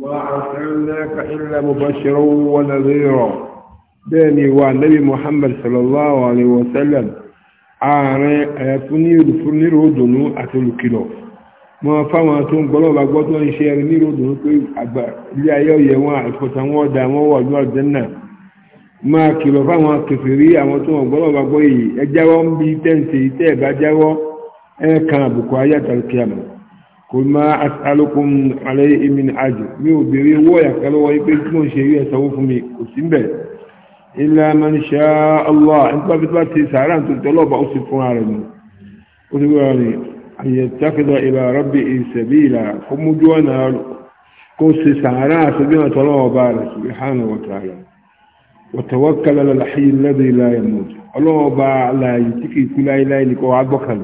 ما أرسلناك إلا مبشرا ونذيرا بيني والنبي محمد صلى الله عليه وسلم ààrẹ ẹ̀fúnní olùfún níròdùnú àti olùkìlọ̀ mọ́ fáwọn tó ń gbọ́lọ́wà gbọ́tọ́ ń ṣe ẹ̀rí níròdùnú pé àgbà ilé ayé ọ̀yẹ̀ wọn àìfọ̀tà wọn ọ̀dà wọn wà ní àlùjánnà máa kìlọ̀ fáwọn kèfèrí àwọn tó ń gbọ́lọ́wà gbọ́ bi قل ما أسألكم عليه من أجل ميو بيري ويا كلو واي بيتمو شيء يسوف مي إلا من شاء الله إن ما بتبات سعران تلو بأوصي فنارين أتقول أن يتخذ إلى ربي سبيلا كم جوانا كوس سعران سبيلا تلو بارك سبحانه وتعالى وتوكل على الحي الذي لا يموت الله با لا يتكي كل إله لكو عبقه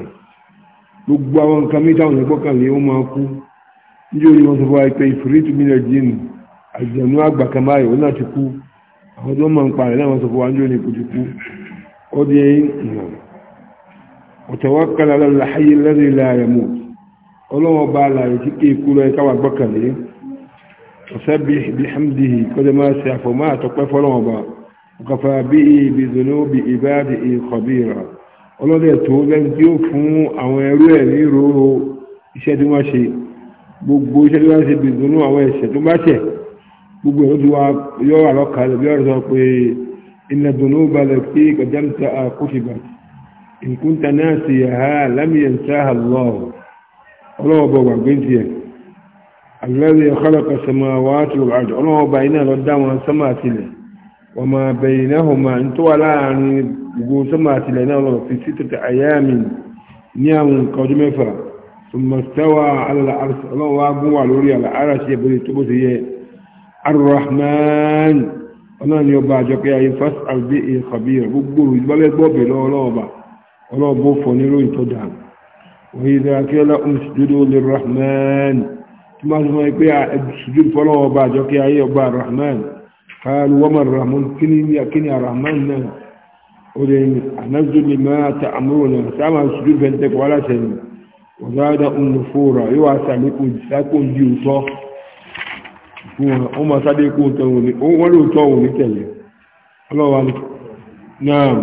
gbogbo àwọn nǹkan mẹ́ta òní gbọ́kànlé ó máa kú níjẹ́ orí wọn sọ fún wa pé ìfúrítù mílíọ̀ jíìnì àjẹ̀nú àgbà kan báyìí ó náà ti kú àwọn tó máa ń parẹ̀ náà wọ́n sọ fún wa níjẹ́ orí kò ti kú ó di ìyàn ọ̀tọ̀wọ́kànlá lọ́la ayé lẹ́rìí láàrẹ̀ mú ọlọ́wọ́ bá láàrẹ̀ tí kì í kú lọ́yẹ káwà gbọ́kànlé ọ̀sẹ́bí bihamdihi kọ́jọ́ máa ṣe àfọ̀mọ́ àtọ́pẹ́ ọlọ́dẹ tó lẹ́nu tí ó fún àwọn ẹrú ẹ̀ ní ìró iṣẹ́ tí wọ́n ṣe gbogbo iṣẹ́ tí wọ́n ṣe bìdúnú àwọn ẹ̀ṣẹ̀ tó bá ṣẹ̀ gbogbo ẹ̀rọ tí wọ́n yọ àlọ́kalẹ̀ bí ọ̀rọ̀ sọ pé iná dùnú balẹ̀ pé gàdámta àkóṣìbà ìkúnta náà sì yàhá lámìyàn sáà lọ́wọ́ ọlọ́wọ́ bọ̀ wà gbé tiẹ̀ alẹ́ wọ́n máa bẹ̀yìn náà hàn máa ń tó wà láàrin gbogbo sọ́mà àtìlẹ̀ náà lọ fi sí tètè àyàmì ní àwọn nǹkan ọdún mẹ́fà sọmọ̀tẹ́wà aláwọ̀ agún wà lórí àlàárà sí ẹ̀bẹ̀rẹ̀ tó bó ti yẹ arrahman ọlọ́ni ọba àjọpẹ́ ayé fásitì àgbé ìkàbí rẹ̀ للرحمن ثم سمعوا يقول اسجد فلو بعد يا أيها الرحمن قالوا وما الرحمن كني يا كني الرحمن نعم ولين أنزل لما تأمرون سامع سجود فانتك ولا سن وزاد أم نفورا يواسع لكم ساكم جيوسا وما صديقوا توني ولو توني تلي الله نعم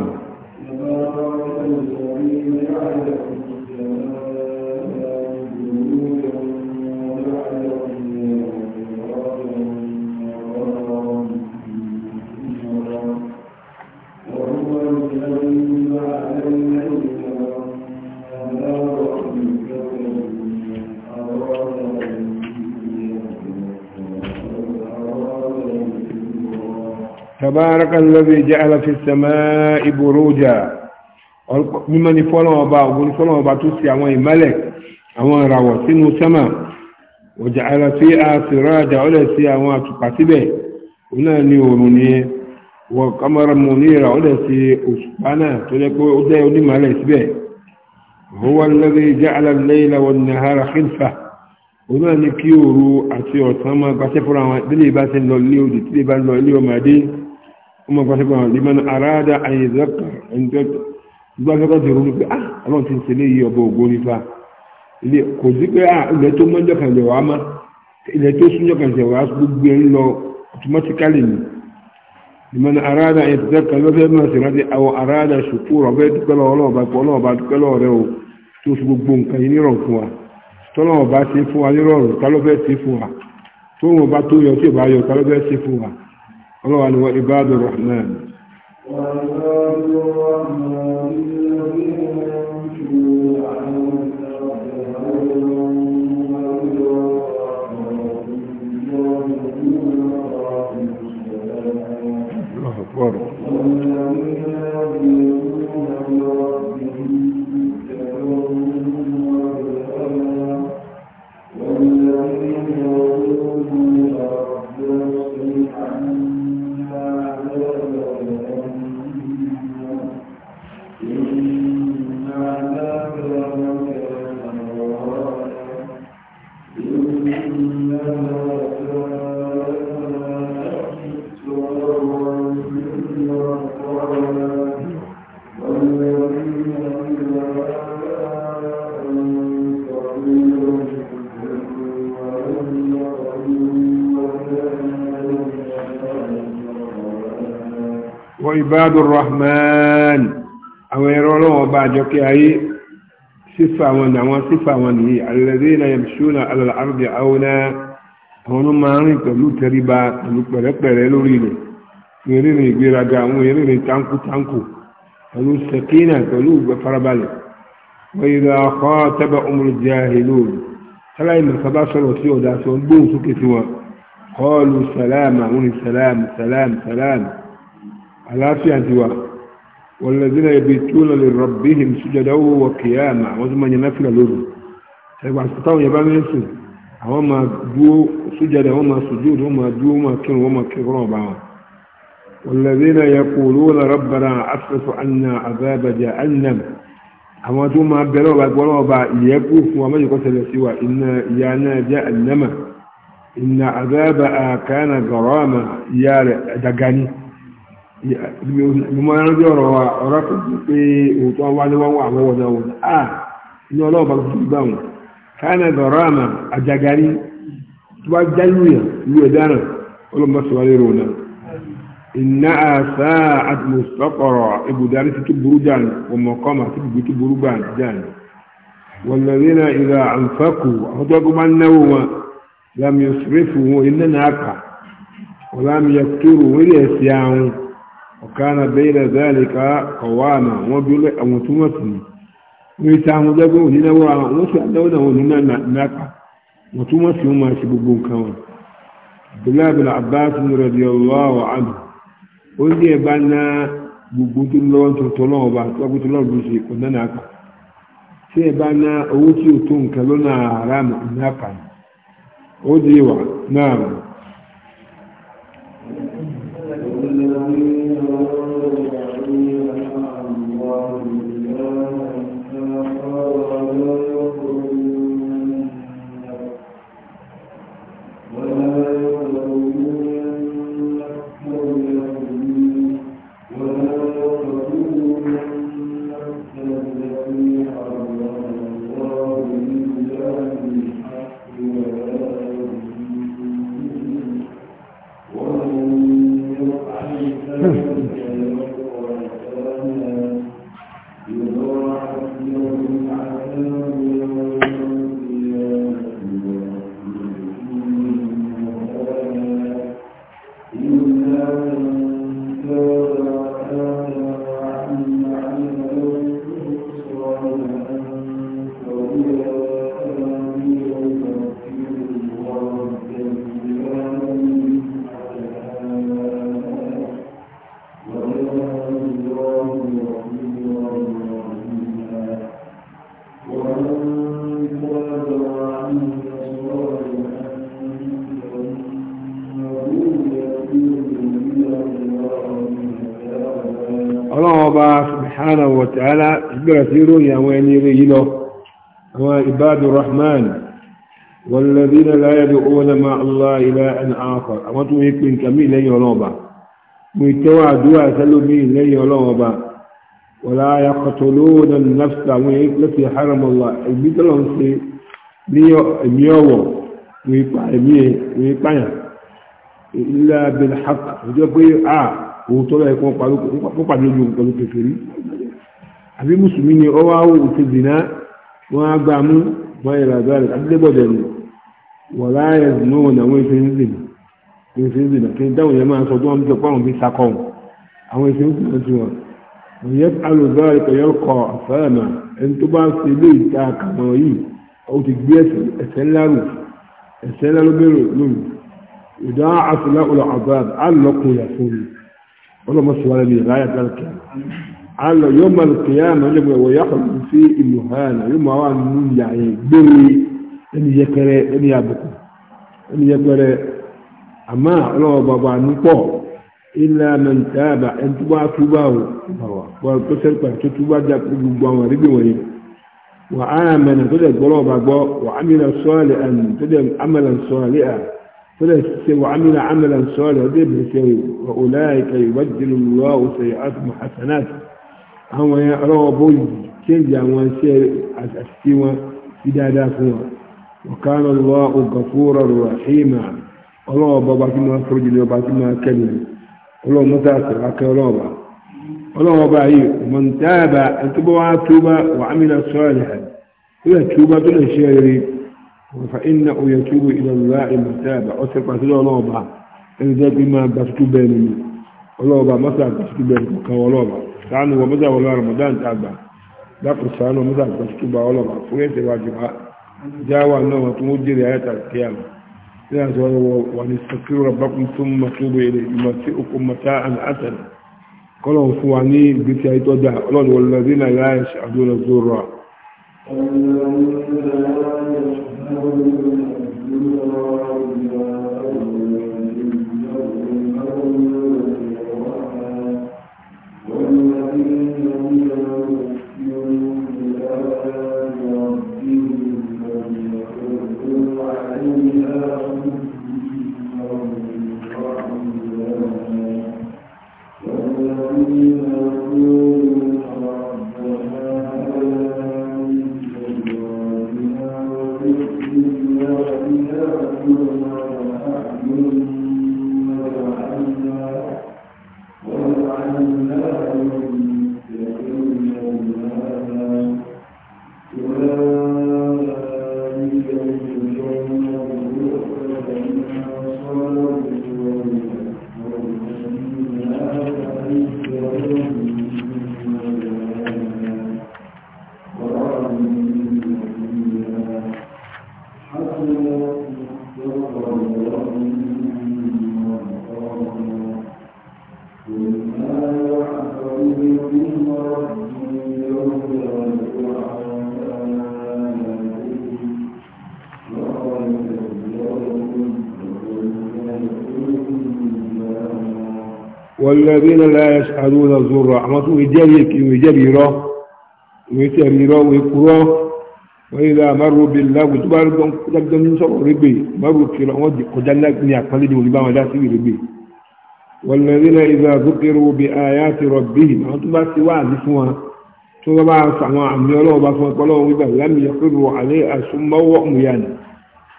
تبارك الذي جعل في السماء بروجا mímọ́ ni fọ́lọ́n ọba ògùn ni fọ́lọ́n ọba tó ṣe àwọn ìmọ́lẹ̀ àwọn ìràwọ̀ sínú sẹ́mà ọjà ara tí a sì rájà ó lè ṣe àwọn àtùpà síbẹ̀ òun náà ni òòrùn ni wọ kámọ́ra mọ̀ ní ìrà ó lè ṣe òṣùpá náà tó jẹ́ pé ó jẹ́ onímọ̀lẹ̀ síbẹ̀ huwa alladhi ja'ala al-layla wan-nahara khilfa òun náà ni kí òru àti ọ̀sán máa gbaṣẹ́ fúnra wọn bí lè bá ṣe lọ ilé òdì tí lè bá lọ ilé ọmọdé ọmọ gbàṣẹ́gbà liman arada àyẹ̀zẹ́kà gbàṣẹ́gbà ti ronú pé ah ọlọ́run sí pé ah ilẹ̀ tó mọ́jọ́ kan lè wá má ilẹ̀ tó súnjọ́ kan lè wá gbogbo automatically ni arada àyẹ̀zẹ́kà lọ́fẹ́ máa ṣe rántí arada ṣùkúrọ̀ ọ̀fẹ́ dúpẹ́lọ́ ọlọ́ọ̀bá dúpẹ́lọ́ rẹ o tó fi gbogbo nǹkan yìí nírọ̀ fún wa tọ́lọ́wọ́ bá ṣe fún wa nírọ̀rùn tálọ́fẹ́ ṣe fún wa tóun ọba tó yọ tí ò bá yọ tálọ́fẹ́ ṣe fún wa ọlọ́wà ni wọ́n ibádùn rahman ibadur rahman àwọn ẹ̀rọ ọlọ́wọ́ bá àjọ kí ayé sífà wọn ní àwọn sífà wọn nìyí alladhina yamshuna ala al-ardi awna àwọn ọmọ máa ń rìn pẹ̀lú tẹríba pẹ̀lú pẹ̀rẹ́pẹ̀rẹ́ lórí ilẹ̀ ìrìnrìn ìgbéraga àwọn ìrìnrìn táǹkù-táǹkù pẹ̀lú sẹ̀kínà pẹ̀lú farabalẹ̀ wọ́n yìí lọ kọ́ tẹ́bẹ̀ ọmọlùjẹ́ ìlú sáláì mẹ́sàbá sọ̀rọ̀ sí ọ̀dà sọ gbóhùn sókè sí wọn kọ́ọ̀lù sàlámù àwọn ìsàlámù sàlámù sàlámù àlàáfíà ti wà wọ̀lẹ́dínà ibi túnlẹ̀ lè rọ̀bíhìm sójọ́dáwó wọ kìíyàmà àwọn tó máa yẹn náfìlà lóru ẹgbà táwọn yẹn bá ń sùn àwọn máa dúó sójọ́dá wọn máa sùjúd wọn máa dúó wọn máa kírun wọn máa kírun ọba wọn. wọ̀lẹ́dínà yẹ kúrú wọn rọ̀bàrà àfẹ́fọ́ àná àbábàjá ànàm àwọn tó máa bẹ̀rẹ̀ ọba gbọ́dọ̀ ọba ìyẹ́kú fún wa mẹ́jọ kọ́sẹ̀lẹ̀ sí wa iná ìyá náà jẹ́ ànàmà ìnà àbábà àkànà gọ̀rọ̀ àmà ìyá rẹ̀ dàgání mo máa rántí ọ̀rọ̀ ọ̀rọ̀ kan tó pé òótọ́ wá ní wọ́n wà lọ́wọ́ náà wọ́n á ní ọlọ́ọ̀bá tó gbà wọn káàná ìdọ̀rọ̀ àmà àjàgárí tó bá jálù yàn ní ẹ̀dára ọlọ́mọ sọ̀rọ̀ rò náà iná àṣà àtìmọ̀sọ́kọ̀rọ̀ ibùdarí tó burú jàn ọmọkọ́mà tó bùbí tó burú gbà jàn wọ̀lọ́rìnà ìlà àǹfàkù àwọn tó a bẹ́ẹ̀rẹ̀ zẹ́ẹ̀lẹ̀ká kọ̀wàánà wọ́n bí àwọn tó mọ̀tì ní wọ́n ta àwọn jẹ́gbẹ́ onínáwó àwọn wọ́n sì àdáwọ́ náà wọn nínú náà wọ́n tó mọ̀tì wọn máa ṣe gbogbo nǹkan wọn. abdullahi abbas radiyallahu anhu ó ní ẹ̀ bá ná gbogbo tó lọ́wọ́ tó tọ́ lọ́wọ́ bá tó tó lọ́wọ́ bí ṣe kò náà náà kà ná owó tí ò tó nǹkan lọ́nà àrà ó di náà subhanahu wa ta'ala ìgbẹ̀rẹ̀ sí ròyìn àwọn ẹni rẹ̀ yìí lọ àwọn ibadu rahman walladhina la yad'una ma allah ilahan akhar àwọn tó yẹ pé nǹkan mí lẹ́yìn ọlọ́run ọba mo ìtẹ́wọ́ àdúrà sẹ́lómi lẹ́yìn ọlọ́run ẹ̀kọ́ pàdé ojú pẹ̀lú kékeré àbí mùsùlùmí ni ọwọ́ àwọn òtún zina wọ́n á gbà mú báyìí ràdúrà rẹ̀ adébọ̀dẹ̀ nù wọ́n láyé zina wọn àwọn èso ń zina àwọn èso ń zina kí n dáhùn yẹn máa sọ bí wọ́n jọ pé àwọn fi sakọ̀ wọn àwọn èso ń zina ti wọn. wọ́n yẹ alùbáyà rẹ̀ yọ àfẹ́rẹ́mà ẹni tó bá ṣe ilé ìta kàmọ́ yìí ó ti gbé ẹsẹ̀ ńlá ẹsẹ̀ ńlá bẹ̀rẹ̀ lónìí ìdá على يوم القيامة يوم ويحل في المهانة يوم وان نون يعني بري ان يكري ان يابكو ان يكري اما الله بابا نقو إلا من تابع ان تبع تباو وقسر قرش تبع جاك ربا وربا وين وآمن فدد قلوب أبو وعمل صالحا فدد عملا صالحا وعمل عملا صالحا فدد سوي وأولئك يبدل الله سيئات حسناته àwọn ọlọ́wọ́ bóyìí kéèjì àwọn iṣẹ́ àti wọn sí dáadáa fún wọn ọ̀kan lọ́wọ́ ògàfúrọ̀ rọ̀ ṣéèmà ọlọ́wọ́ bọba tí máa fọ́jú ní ọba tí máa kẹ́mi ọlọ́wọ́ mọ́tà sọ̀rọ̀ akẹ́ ọlọ́wọ́ ọlọ́wọ́ bá yìí mọ̀ntàbà ẹ̀tọ́bọ̀ wá túbà wà á mìíràn sọ́ọ̀lẹ̀ ó yẹ túbà tó lè ṣe rere wọ́fà iná ó yẹ túbà ìlọ́lá ìmọ̀ntàbà ọ̀sẹ̀ pàṣẹ ọlọ́wọ́ bá ẹni sànù wọ mọ́tà wọlé ramadan tá a gbà dákùn sànù wọ mọ́tà àgbà tuntun bá ọlọ́ba fúrẹ́ ṣe wájú wa jáwà náà wọn tó ń jèrè ayé tà kí àná ní àti wọn wà ní sàkírò rabakun tó ń mọ̀tò bẹ̀rẹ̀ ìmọ̀ sí okò mọ̀tà àná àtàlẹ̀ kọ́lọ̀ fún wa ní ìgbésí ayé tọ́jà ọlọ́run wọlé lọ́dún náà yakdhibuna zurra àwọn tó ń jẹ́rìí èkì ń jẹ́rìí rọ́ ń jẹ́rìí rọ́ ń kúrọ́ wọ́n yìí dáa márùn bíi lágùn tó bá rí gbọ́n ní sọ̀rọ̀ régbè márùn kìlọ̀ wọ́n di kọjá ní àpálẹ́ ní olùbá wọn dá sí régbè wọ́n lè rí náà ìgbà zókèrò bíi ayati rabbihim àwọn tó bá ti wá àdí fún wọn tó bá bá àmì ọlọ́wọ́ bá fún ọpọlọ lọ́wọ́ wíwá lámì yọkúrò alẹ́ àsomọ́wọ́ mùyàn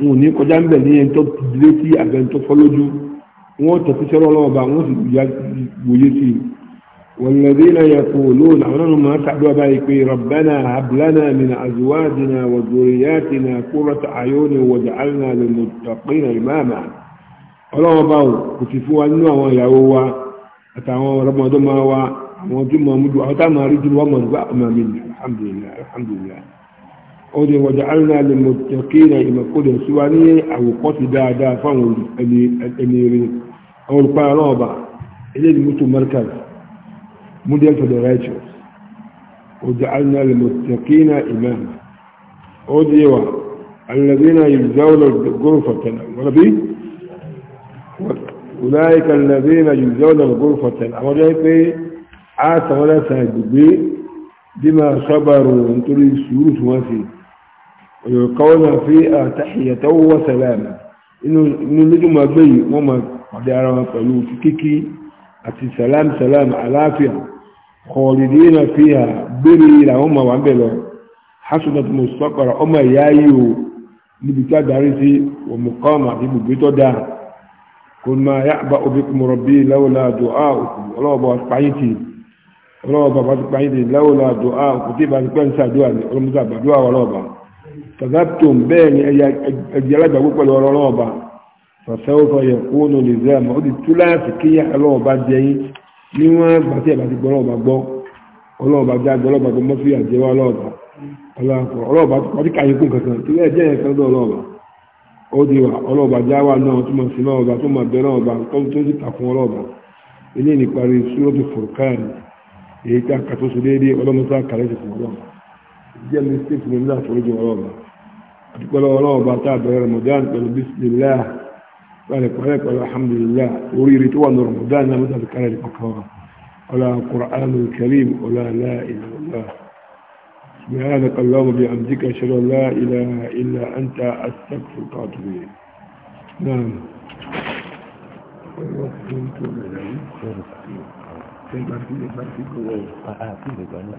wọn ò ní kọjá ń bẹ̀ ní ẹni tó dilé sí àbẹ̀ wọn tẹ̀síṣẹ́ lọ́wọ́ bá wọn sì wòye sí i والذين يقولون أولهم ما تعدوا بايكي ربنا هب لنا من أزواجنا وذرياتنا قرة أعين واجعلنا للمتقين إماما ọlọ́wọ́ bá kò sì fún wa nínú àwọn ìyàwó wa àtàwọn ọ̀rọ̀mọdọ́ máa wa àwọn tí mọ̀ mújú àwọn táwọn àríjú wọ́n mọ̀ nígbà ọmọ mi ní alhamdulillah alhamdulillah ó dé wọ̀dà alìnà lè mọ̀ tẹ̀kí na ìmọ̀kódẹ̀ sí wa ní àwòkọ́sí dáadáa fáwọn ẹni rẹ̀ àwọn olùpá ọlọ́wọ́ bá ilé ìlú tó mẹ́ríkàlì model for the righteous وجعلنا للمتقين إماما أوديوا الذين يجزون الغرفة وربي أولئك الذين يجزون الغرفة أولئك آت ولا ساجدين بما صبروا وانتري السيوس وفي ويلقون فيها تحية وسلاما إنه نجم بي وما قد أرى قالوا في كيكي أتي سلام سلام على فيها kọ̀ọ̀lìdínà fi hà bèrè làwọn ọmọ wa ń bẹ̀ lọ hasunat mustapara ọmọ ìyá yìí o níbi tí a darí sí òmùkọ́mà àti ibùgbé tó dáa kò máa yá àbá òbí kùmọ̀rọ̀ bí láwùlá àdó á òkú ọlọ́ọ̀bà pàyìntì ọlọ́ọ̀bà bá ti pàyìntì láwùlá àdó á òkú tí ìbá ti pẹ́ ń sàdúrà ní ọlọ́mùsà àbàdúrà ọlọ́ọ̀bà tàbátòm bẹ́ẹ̀ ni ẹ̀yà alágbàgbé pẹ̀lú ọlọ́ọ̀bà fàṣẹ́wọ́fà yẹ kóónù lè zẹ́ àmọ́ ó ti túláàsì kíyà ọlọ́ọ̀bà jẹyìn ní wọ́n gbà tí ẹ̀bà ti gbọ́ ọlọ́ọ̀bà gbọ́ ọlọ́ọ̀bà já gbọ́ ọlọ́ọ̀bà gbọ́ mọ́fí àjẹwà ọlọ́ọ̀bà ọlọ́ọ̀bà ọlọ́ọ̀bà wọ́n ti kàyé kún kankan tí wọ́n jẹ́ ẹ̀kan lọ́dọ̀ ọlọ́ọ̀bà ó di wà ọlọ́ọ̀bà já wà náà tó mọ̀ sí lọ́ọ̀bà tó mọ̀ bẹ́ lọ́ọ̀bà tó ti kà fún ọlọ́ọ̀bà ilé níparí súrọ́tù fòrkàn èyí tá a kàtó so déédé ọlọ́mọsá kàlẹ́ ti fún ọlọ́ọ̀bà jẹ́ mi sí fún mi ní àforíjì ọlọ́ọ̀bà àtikọ́lọ́ ọlọ́ọ̀bà tá ذلك الحمد لله وريري توان رمضان لا مدى ذكر البكارة ولا القرآن الكريم ولا لا إله إلا الله سبحانك اللهم بحمدك أشهد أن لا إله إلا أنت أستغفرك وأتوب إليك نعم Thank you.